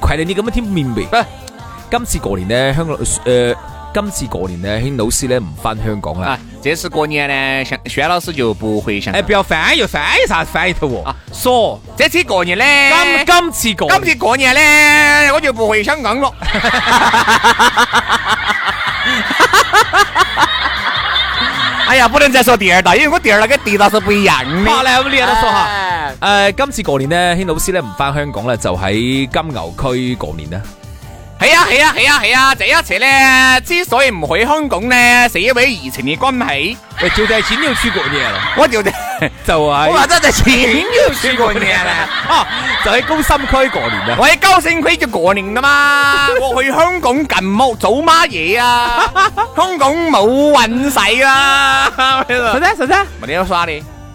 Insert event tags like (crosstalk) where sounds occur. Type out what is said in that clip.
快、嗯、你你咁樣添面皮。不、啊，今次過年呢，香港呃，今次過年呢，軒老師呢，唔翻香港啦。這、啊、次過年呢，像軒老師就不會像，哎，不要翻又翻又啥子翻一頭哦。說這、啊 so，次過年呢，講唔講過，講唔過年呢，我就唔回香港了。 (laughs) (laughs) (laughs) (laughs) (laughs) 哎呀，不能再說第二道，因為我第二道跟第一道是不一樣的。好，來，我嚟下度說哈。誒，今次過年咧，軒老師咧唔翻香港啦，就喺金牛區過年啦。係啊係，啊係啊係啊，這一次咧之所以唔去香港咧，是因為疫情嘅關係，就在金牛區過年啦。我就在，走啊！我話真係在金牛區過年啦，哦，就喺高新區過年啦。我喺高新區就過年啦嘛，我去香港近冇做乜嘢啊，香港冇運勢啊。什真什真？冇點樣耍你？